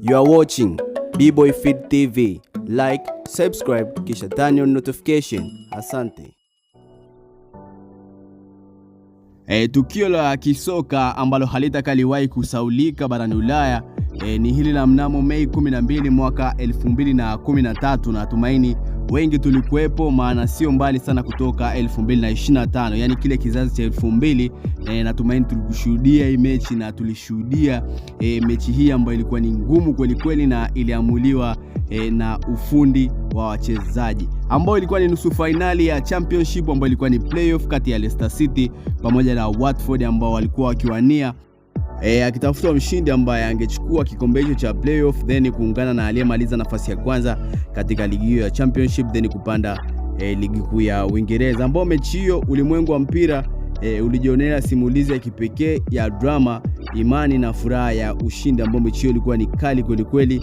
You are watching B-Boy Feed TV. Like, subscribe kisha turn on notification. Asante. E, tukio la kisoka ambalo halitakaliwahi kusaulika barani Ulaya e, ni hili la mnamo Mei 12 mwaka 2013 na natumaini wengi tulikuwepo, maana sio mbali sana kutoka 2025, yani kile kizazi cha 2000. E, natumaini tulikushuhudia hii mechi na tulishuhudia e, mechi hii ambayo ilikuwa ni ngumu kweli kweli na iliamuliwa e, na ufundi wa wachezaji, ambao ilikuwa ni nusu fainali ya championship ambayo ilikuwa ni playoff kati ya Leicester City pamoja na Watford ambao walikuwa wakiwania e, akitafuta mshindi ambaye angechukua kikombe hicho cha playoff then kuungana na aliyemaliza nafasi ya kwanza katika ligi hiyo ya championship then kupanda e, ligi kuu ya Uingereza, ambao mechi hiyo ulimwengu wa mpira e, ulijionea simulizi ya kipekee ya drama, imani na furaha ya ushindi, ambao mechi hiyo ilikuwa ni kali kwelikweli.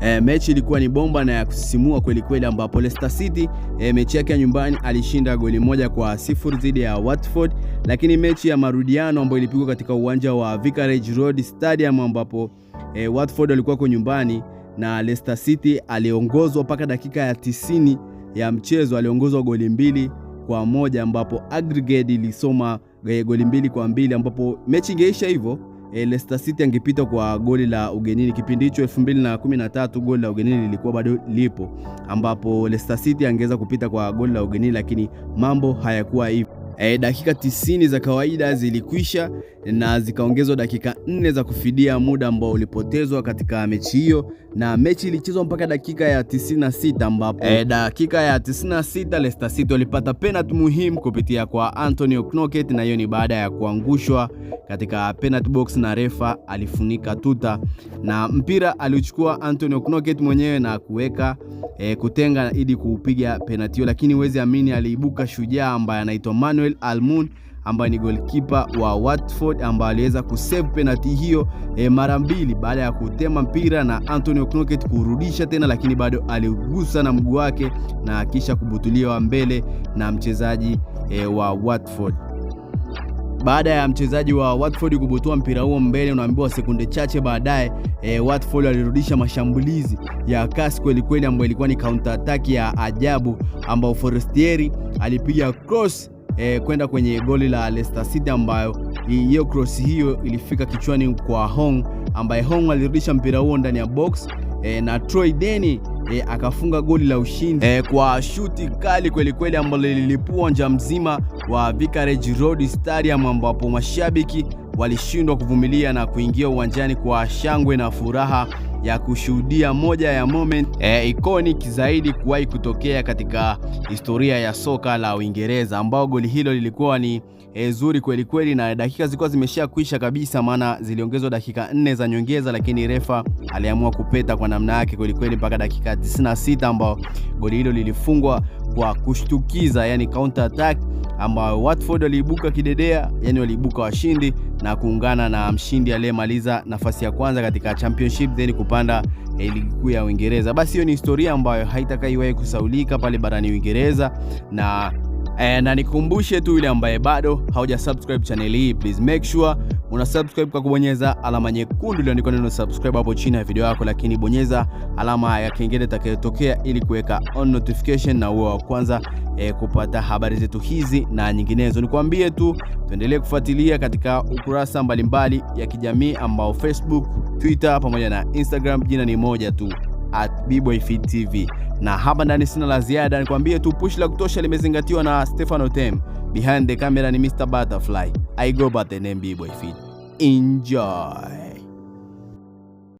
E, mechi ilikuwa ni bomba na ya kusisimua kweli kweli, ambapo Leicester City e, mechi yake ya nyumbani alishinda goli moja kwa sifuri dhidi ya Watford, lakini mechi ya marudiano ambayo ilipigwa katika uwanja wa Vicarage Road Stadium ambapo e, Watford walikuwa kwa nyumbani na Leicester City aliongozwa mpaka dakika ya tisini ya mchezo, aliongozwa goli mbili kwa moja ambapo aggregate ilisoma goli mbili kwa mbili ambapo mechi ingeisha hivyo e, Leicester City angepita kwa goli la ugenini kipindi hicho 2013 goli la ugenini lilikuwa bado lipo, ambapo Leicester City angeweza kupita kwa goli la ugenini, lakini mambo hayakuwa hivyo. E, dakika tisini za kawaida zilikwisha na zikaongezwa dakika nne za kufidia muda ambao ulipotezwa katika mechi hiyo, na mechi ilichezwa mpaka dakika ya 96 ambapo e, dakika ya 96 Leicester City walipata penalty muhimu kupitia kwa Antonio Knoket, na hiyo ni baada ya kuangushwa katika penalty box na refa alifunika tuta, na mpira aliuchukua Antonio Knoket mwenyewe na kuweka e, kutenga ili kuupiga penalty lakini huwezi amini, aliibuka shujaa ambaye anaitwa Manuel Almun ambaye ni goalkeeper wa Watford ambaye aliweza kusave penalty hiyo e, mara mbili baada ya kutema mpira na Antonio Knocket kurudisha tena, lakini bado aligusa na mguu wake na kisha kubutuliwa mbele na mchezaji e, wa Watford. Baada ya mchezaji wa Watford kubutua mpira huo mbele, unaambiwa sekunde chache baadaye e, Watford alirudisha mashambulizi ya kasi kweli kweli, ambayo ilikuwa ni counter attack ya ajabu, ambao Forestieri alipiga cross eh, kwenda kwenye goli la Leicester City ambayo hiyo cross hiyo ilifika kichwani kwa Hong ambaye Hong alirudisha mpira huo ndani ya box e, na Troy Deni E, eh, akafunga goli la ushindi e, kwa shuti kali kwelikweli ambalo lilipua uwanja mzima wa Vicarage Road Stadium ambapo mashabiki walishindwa kuvumilia na kuingia uwanjani kwa shangwe na furaha ya kushuhudia moja ya moment e, iconic zaidi kuwahi kutokea katika historia ya soka la Uingereza, ambao goli hilo lilikuwa ni e, zuri kweli kweli, na dakika zilikuwa zimesha kuisha kabisa, maana ziliongezwa dakika nne za nyongeza, lakini refa aliamua kupeta kwa namna yake kweli kweli mpaka dakika 96 ambao goli hilo lilifungwa kwa kushtukiza, yani counter attack, ambayo Watford waliibuka kidedea, yani waliibuka washindi na kuungana na mshindi aliyemaliza nafasi ya kwanza katika championship then kupanda eh, ligi kuu ya Uingereza. Basi hiyo ni historia ambayo haitakaiwahi kusaulika pale barani Uingereza na eh, na nikumbushe tu yule ambaye bado hauja subscribe channel hii please make sure una subscribe kwa kubonyeza alama nyekundu iliyoandikwa neno subscribe hapo chini ya video yako, lakini bonyeza alama ya kengele itakayotokea ili kuweka on notification na uwe wa kwanza e, kupata habari zetu hizi na nyinginezo. Nikwambie tu tuendelee kufuatilia katika ukurasa mbalimbali mbali ya kijamii ambao Facebook, Twitter pamoja na Instagram jina ni moja tu at na hapa ndani sina la ziada, nikwambie tu push la kutosha limezingatiwa na Stefano Tem. Behind the camera ni Mr. Butterfly. I go by the name B-Boy Fit. Enjoy.